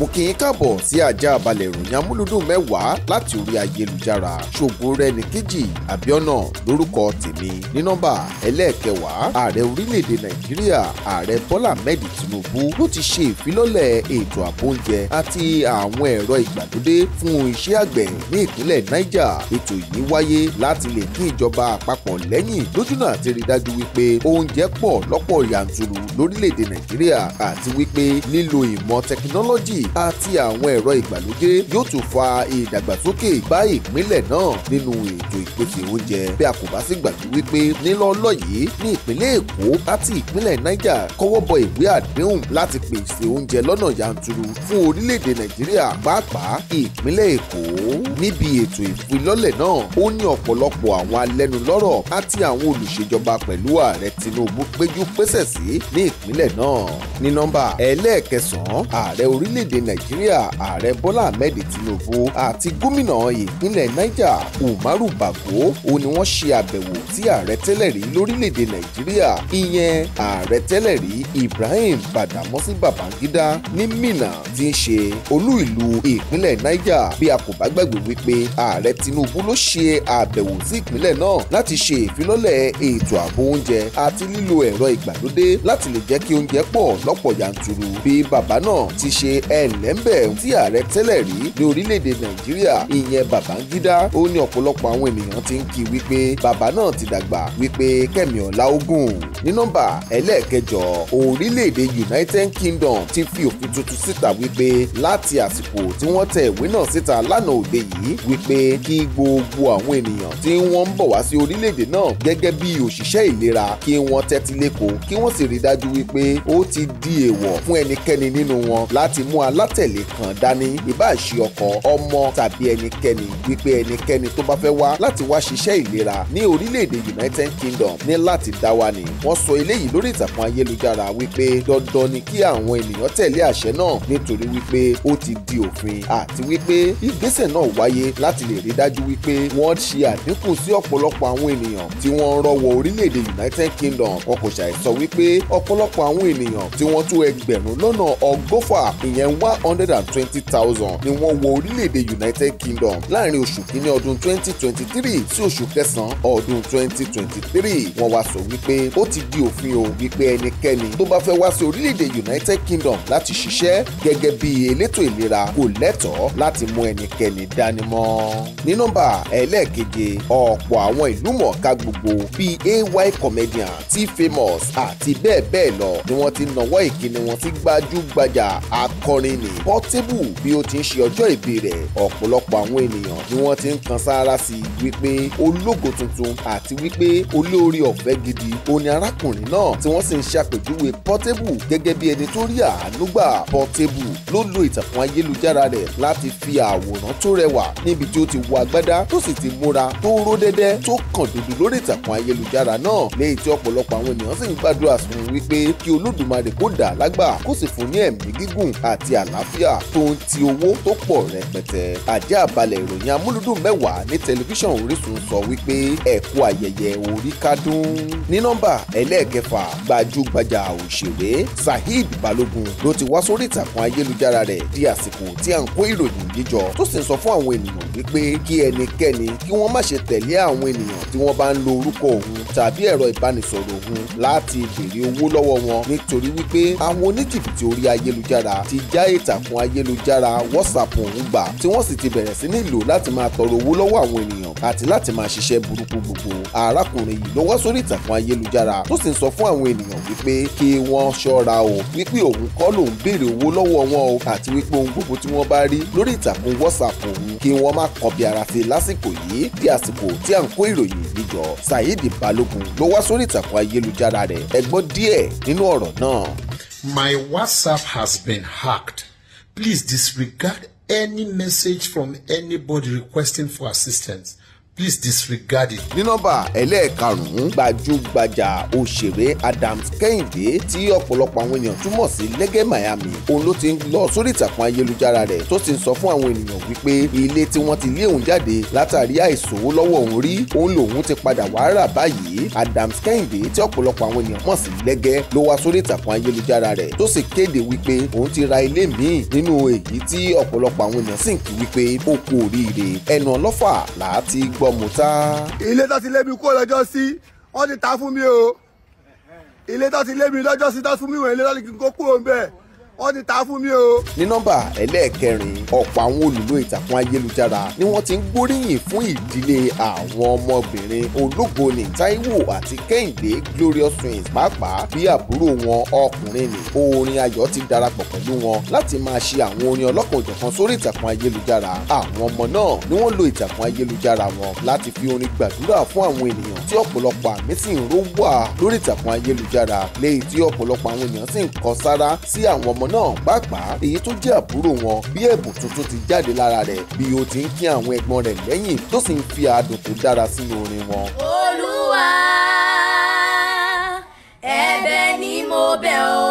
mo kì í káàbọ̀ sí ajá balẹ̀ ìròyìn amúlùdùn mẹ́wàá láti orí ayélujára ṣògo rẹni kejì abiona lórúkọ tèmi ní nọ́mbà ẹlẹ́ẹ̀kẹwàá ààrẹ orílẹ̀-èdè nàìjíríà ààrẹ bọ́lá ahmed tinubu ló ti ṣe ìfilọ́lẹ̀ ètò ààbò oúnjẹ àti àwọn ẹ̀rọ ìgbàlódé fún iṣẹ́ àgbẹ̀ ní ìpínlẹ̀ niger ètò yìí wáyé láti lè kí ìjọba àpapọ̀ lẹ́yìn lójúnà àti rí dájú wípé oúnjẹ pọ̀ lọ́pọ̀ yanturu lórílẹ̀-èdè nàìjíríà àti wípé lílo ìmọ̀ tẹkinọ́lọ́jì àti àwọn ẹ̀rọ ìgbàlódé yóò tún fa ìdàgbàsókè bá ìpínlẹ̀ náà nínú ètò ìpèsè oúnjẹ bí a kò bá sì gbàgbé wípé nílọ́lọ́ yìí ní ìpínlẹ̀ Èkó àti ìpínlẹ̀ Niger kọ́wọ́ bọ ìwé àdéhùn láti pèsè oúnjẹ lọ́nà yanturu fún orílẹ̀-èdè Nàìjíríà pàápàá ìpínlẹ̀ Èkó níbi ètò ìfilọ́lẹ̀ náà ó ní ọ̀pọ̀lọpọ̀ àwọn alẹ́nulọ́rọ̀ àti àwọn olùṣèjọba pẹ̀lú ààrẹ Tinubu péjú pésẹ̀ sí ní ìpínlẹ̀ náà ní nọ́mbà ẹlẹ́ẹ̀kẹsàn-án ààrẹ orílẹ̀-èdè orílẹ̀-èdè nàìjíríà ààrẹ bọ́lá ahmed tinubu àti gómìnà ìpínlẹ̀ niger umaru bago ó ní wọ́n ṣe àbẹ̀wò tí ààrẹ tẹ́lẹ̀ rí lórílẹ̀-èdè nàìjíríà ìyẹn ààrẹ tẹ́lẹ̀ rí ibrahim badamọ́sí babangida ní minna tí ń ṣe olú ìlú ìpínlẹ̀ niger bí a kò bá gbàgbé wípé ààrẹ tinubu ló ṣe àbẹ̀wò sí ìpínlẹ̀ náà láti ṣe ìfilọ́lẹ̀ ètò ààbò oúnjẹ àti lílo ẹ̀rọ ìgbàlódé láti lè jẹ́ kí oúnjẹ pọ̀ lọ́pọ̀ yanturu bí bàbá náà ti ṣe ẹ̀ ẹ̀lẹ́ńbẹ̀ tí ààrẹ tẹ́lẹ̀ rí ní orílẹ̀-èdè nàìjíríà ìyẹn babangida ó ní ọ̀pọ̀lọpọ̀ àwọn ènìyàn ti ń kí wípé bàbá náà ti dàgbà wípé kẹ́mi ọ̀la ogun ní nọ́mbà ẹlẹ́ẹ̀kẹjọ orílẹ̀-èdè united kingdom ti fi òfin tuntun síta wípé láti àsìkò tí wọ́n tẹ ìwé náà síta lánàá òde yìí wípé kí gbogbo àwọn ènìyàn tí wọ́n ń bọ̀ wá sí orílẹ̀-èdè náà gẹ́gẹ́ bí òṣìṣẹ́ ìlera kí wọ́n tẹ́tí lẹ́kọ̀ọ́ kí wọ́n sì rí dájú wípé ó ti di èèwọ̀ fún ẹnikẹ́ni nínú wọn láti mú al alátẹ̀lé kan dání ìbáà ṣe ọkọ ọmọ tàbí ẹnikẹ́ni wípé ẹnikẹ́ni tó bá fẹ́ wá láti wá ṣiṣẹ́ ìlera ní orílẹ̀-èdè United Kingdom ní láti dá wa ni wọ́n sọ eléyìí lórí ìtàkùn ayélujára wípé dandan ni kí àwọn ènìyàn tẹ̀lé àṣẹ náà nítorí wípé ó ti di òfin àti wípé ìgbésẹ̀ náà wáyé láti lè rí dájú wípé wọ́n ṣe àdínkù sí ọ̀pọ̀lọpọ̀ àwọn ènìyàn tí wọ́n ń rọ́wọ́ orílẹ̀-èdè United Kingdom wọn kò ṣàìsọ wípé ọ̀pọ̀lọpọ̀ àwọn ènìyàn tí wọ́n tó ẹgbẹ̀rún lọ́nà ọgọ́fà ìyẹn one hundred and twenty thousand ni wọ́n wọ orílẹ̀-èdè United Kingdom láàrin oṣù kínní ọdún twenty twenty three sí oṣù kẹsàn-án ọdún twenty twenty three wọ́n wá sọ wípé ó ti di òfin o wípé ẹnikẹ́ni tó bá fẹ́ wá sí orílẹ̀-èdè United Kingdom láti ṣiṣẹ́ gẹ́gẹ́ bí elétò ìlera kò lẹ́tọ̀ọ́ láti mú ẹnikẹ́ni dání mọ́. ní nọ́mbà ẹlẹ́ẹ̀keje ọ̀pọ̀ àwọn ìlúmọ̀ọ́ká gbogbo bíi AY comedian T-Famous àti bẹ́ẹ̀ bẹ́ẹ̀ lọ ni wọ́n ti nawọ́ ìkíni wọn sí gbajúgbajà akọrin ní Portable bí ó ti ń ṣe ọjọ́ ìbí rẹ̀ ọ̀pọ̀lọpọ̀ àwọn ènìyàn ni wọ́n ti ń kan sáárá sí i wípé ológo tuntun àti wípé olóore ọ̀fẹ́ gidi òní arákùnrin náà tí wọ́n sì ń ṣàpèjúwe Portable gẹ́gẹ́ bí ẹni tó rí àánú gbà Portable ló lo ìtàkùn ayélujára rẹ̀ láti fi àwòrán tó rẹwà níbi tí ó ti wọ agbádá tó sì ti múra tó ró dẹ́dẹ́ tó kàn dúdú lórí ìtàkùn ayélujára náà lẹ́yìn tí ọ̀pọ̀lọpọ̀ àwọn ènìyàn sì ń gbàdúrà sùn wípé kí Olódùmarè kó dà á lágbà kó sì fún ní ẹ̀mí gígùn àti à àlàáfíà tó ń ti owó tó pọ̀ rẹpẹtẹ àjẹ́ àbálẹ̀ ìròyìn amúlùdùn mẹ́wàá ní tẹlifíṣàn Orísun sọ wípé ẹ kú ayẹyẹ orí kádùn ní nọ́mbà ẹlẹ́ẹ̀kẹfà gbajúgbajà òṣèré Saheed Balogun ló ti wá sórí ìtàkùn ayélujára rẹ̀ di àsìkò tí à ń kó ìròyìn yíjọ tó sì ń sọ fún àwọn ènìyàn wípé kí ẹnikẹ́ni kí wọ́n má ṣe tẹ̀lé àwọn ènìyàn tí wọ́n bá ń lo orúkọ òun tàbí ẹ̀rọ ìbánisọ̀rọ̀ òun láti béèrè owó lọ́wọ́ wọn nítorí wípé àwọn oníjìbìtì orí ayélujára ti já èrè ìtàkùn ayélujára WhatsApp ọ̀hún gbà tí wọ́n sì ti bẹ̀rẹ̀ sí ní lò láti máa tọrọ owó lọ́wọ́ àwọn ènìyàn àti láti máa ṣiṣẹ́ burúkú gbogbo arákùnrin yìí ló wá sórí ìtàkùn ayélujára tó sì ń sọ fún àwọn ènìyàn wípé kí wọ́n ṣọ́ra o wípé òun kọ́ lòun béèrè owó lọ́wọ́ wọn o àti wípé ohun gbogbo tí wọ́n bá rí lórí ìtàkùn WhatsApp òun kí wọ́n má kọbi ara sí lásìkò yìí bí àsìkò tí à ń kó ìròyìn yìí jọ Saheed Balogun ló wá sórí ìtàkùn ayélujára rẹ̀ ẹ díẹ̀ nínú ọ̀rọ̀ náà. My WhatsApp has been hacked. Please disregard any message from anybody requesting for assistance please disregard it. ní nọ́mbà ẹlẹ́ẹ̀karùn-ún gbajúgbajà òṣèré Adams Kẹ́hìndé tí ọ̀pọ̀lọpọ̀ àwọn ènìyàn túmọ̀ sí lẹ́gẹ́ Miami òun ló ti ń lọ sórí ìtàkùn ayélujára rẹ̀ tó ti ń sọ fún àwọn ènìyàn wípé ilé tí wọ́n ti lé òun jáde látàrí àìsówó lọ́wọ́ òun rí òun lòun ti padà wá rà báyìí Adams Kẹ́hìndé tí ọ̀pọ̀lọpọ̀ àwọn ènìyàn mọ̀ sí lẹ́gẹ́ ló wá sórí ìtàkùn ayélujára rẹ̀ tó sì kéde wípé òun ti ra ilé míì nínú èyí tí ọ̀pọ̀lọpọ̀ àwọn ènìyàn Muta. ilé tó ti lé mi kúrò lọ́jọ́ sí wọ́n ti ta fún mi o ilé tó ti lé mi lọ́jọ́ sí tó fún mi wọ̀nyí lé lọ́lẹ́ kí n kó kúrò ń bẹ́ẹ̀ wọ́n ti ta fún mi o. ní nọ́mbà ẹlẹ́ẹ̀kẹrin ọ̀pọ̀ àwọn olùlò ìtàkùn ayélujára ni wọ́n ti ń gbóríyìn fún ìdílé àwọn ọmọbìnrin ológo ní Táíwò àti Kẹ́hìndé Glorious Twins pàápàá bí àbúrò wọn ọkùnrin ní orin ayọ̀ ti darapọ̀ pẹ̀lú wọn láti máa ṣe àwọn orin ọlọ́kan òjọ̀kan sórí ìtàkùn ayélujára àwọn ọmọ náà ni wọ́n lo ìtàkùn ayélujára wọn láti fi orin gbàdúrà fún àwọn ènìyàn tí ọ̀pọ̀lọpọ̀ àmì sì ń ró wà lórí ìtàkùn ayélujára léyìí tí ọ̀pọ̀lọpọ̀ àwọn ènìyàn sì ń kọ sára sí àwọn ọmọ ọmọ náà pàápàá èyí tó jẹ́ àbúrò wọn bí ẹ̀bùn tuntun ti jáde lára rẹ̀ bí ó ti ń kí àwọn ẹ̀gbọ́n rẹ̀ lẹ́yìn tó sì ń fi àádùn tó dára sínú orin wọn. olúwa ẹ̀bẹ̀ ni mo bẹ̀ ọ́.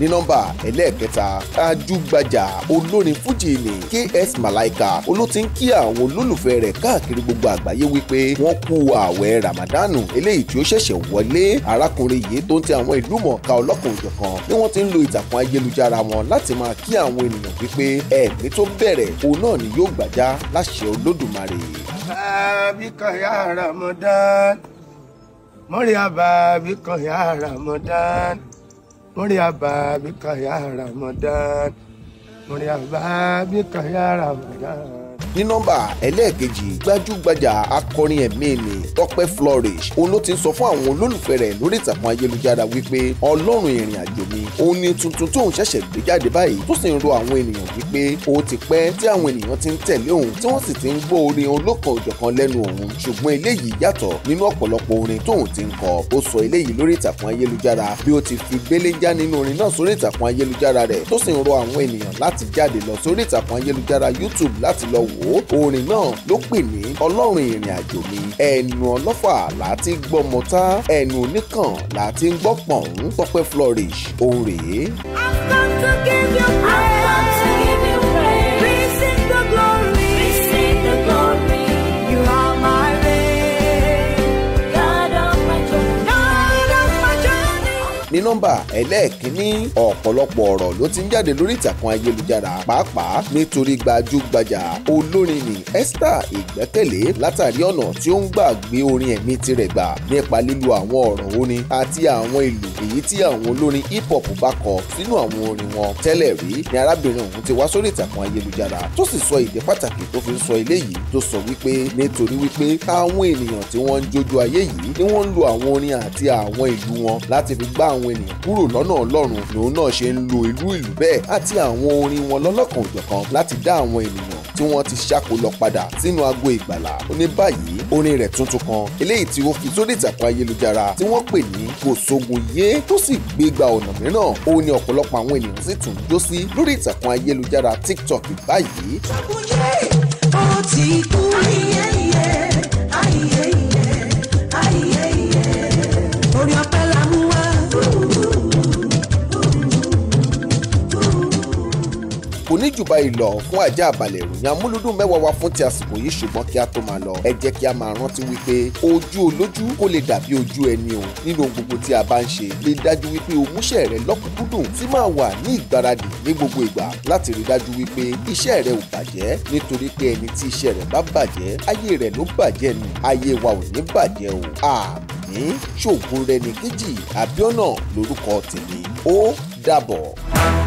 ní nọ́mbà ẹlẹ́ẹ̀kẹta gbajúgbajà olórin fújì ni ks malaika olóòtí ń kí àwọn olólùfẹ́ rẹ̀ káàkiri gbogbo àgbáyé wípé wọ́n kú ààwẹ̀ ramadanu eléyìí tí ó ṣẹ̀ṣẹ̀ wọlé arákùnrin yìí tó ń tẹ àwọn ìlú mọ̀ọ́ká ọlọ́kùnjọ̀kan bí wọ́n ti ń lo ìtàkùn ayélujára wọn láti máa kí àwọn ènìyàn wípé ẹ̀mí tó bẹ̀rẹ̀ òun náà ni yóò gbàjá láṣẹ olódùmarè. bàbí kan ya ramadan mọ́rí àbàbí kan ya ramadan. Murya babi ka ya Ramadan. Murya babi ka ya Ramadan ní nọ́mbà ẹlẹ́ẹ̀kejì gbajúgbajà akọrin ẹ̀mí ni Tọ́pẹ́ Flourish òun ló ti ń sọ fún àwọn olólùfẹ́ rẹ̀ lórí ìtàkùn ayélujára wípé ọlọ́run ìrìn àjò mi òun ni tuntun tóun ṣẹ̀ṣẹ̀ gbé jáde báyìí tó sì ń ro àwọn ènìyàn wípé ó ti pẹ́ tí àwọn ènìyàn ti ń tẹ̀lé òun tí wọ́n sì ti ń gbọ́ orin olókan òjọ̀kan lẹ́nu òun ṣùgbọ́n eléyìí yàtọ̀ nínú ọ̀pọ̀lọpọ̀ orin tóun ti ń kọ ó sọ eléyìí lórí ìtàkùn ayélujára bí ó ti fi gbéléjà nínú orin náà sórí ìtàkùn ayélujára rẹ̀ tó sì ń ro àwọn ènìyàn láti jáde lọ sórí ìtàkùn ayélujára YouTube láti lọ wò orin náà ló pè ní ọlọ́run ìrìn àjò mi ẹnu ọlọ́fà láti gbọ́mọ tá ẹnu oníkàn láti gbọ́pọ̀n Tọ́pẹ́ Flourish òun rèé. I'm come to give you praise. ní nọ́mbà ẹlẹ́ẹ̀kínní ọ̀pọ̀lọpọ̀ ọ̀rọ̀ ló ti ń jáde lórí ìtàkùn ayélujára pàápàá nítorí gbajúgbajà olórin ni Esther Ìgbẹ́kẹ̀lé látàrí ọ̀nà tí ó ń gbà gbé orin ẹ̀mí tirẹ̀ gbà nípa lílo àwọn ọ̀rọ̀ orin àti àwọn ìlù èyí tí àwọn olórin hip hop bá kọ sínú àwọn orin wọn tẹ́lẹ̀ rí ni arábìnrin òun ti wá sórí ìtàkùn ayélujára tó sì sọ ìdí pàtàkì tó fi ń sọ eléyìí tó sọ wípé nítorí wípé àwọn ènìyàn ni wọ́n ń lo àwọn ènìyàn kúrò lọ́nà ọlọ́run lòun náà ṣe ń lo irú ìlú bẹ́ẹ̀ àti àwọn orin wọn lọ́lọ́kan òjọ̀kan láti dá àwọn ènìyàn tí wọ́n ti ṣàkólọ padà sínú agbo ìgbàlà ó ní báyìí orin rẹ̀ tuntun kan eléyìí tí ó fi sórí ìtàkùn ayélujára tí wọ́n pè ní kò sógun yé tó sì gbégbá ọ̀nà mìíràn ó ní ọ̀pọ̀lọpọ̀ àwọn ènìyàn sì tún jó sí lórí ìtàkùn ayélujára tiktok báyìí. ṣàkóyè ó ti kú ayẹyẹ ayẹyẹ. kò ní jù báyìí lọ fún ajá àbàlẹ̀ ìròyìn amúlùdùn mẹ́wàá wa fún ti àsìkò yìí ṣùgbọ́n kí a tó máa lọ ẹ jẹ́ kí a máa rántí wípé ojú olójú kò lè dàbí ojú ẹni o nínú ohun gbogbo tí a bá ń ṣe lè dájú wípé o múṣẹ́ rẹ lọ́kùnkúndùn tí máa wà ní ìgbáradì ní gbogbo ìgbà láti rí dájú wípé iṣẹ́ rẹ ò bàjẹ́ nítorí pé ẹni tí iṣẹ́ rẹ bá bàjẹ́ ayé rẹ ló bàjẹ́ nù ayé wa ò ní bàjẹ́ o àmì ṣògùn rẹ ní kejì Àbíọ́nà lórúkọ tèmi ó dàbọ̀.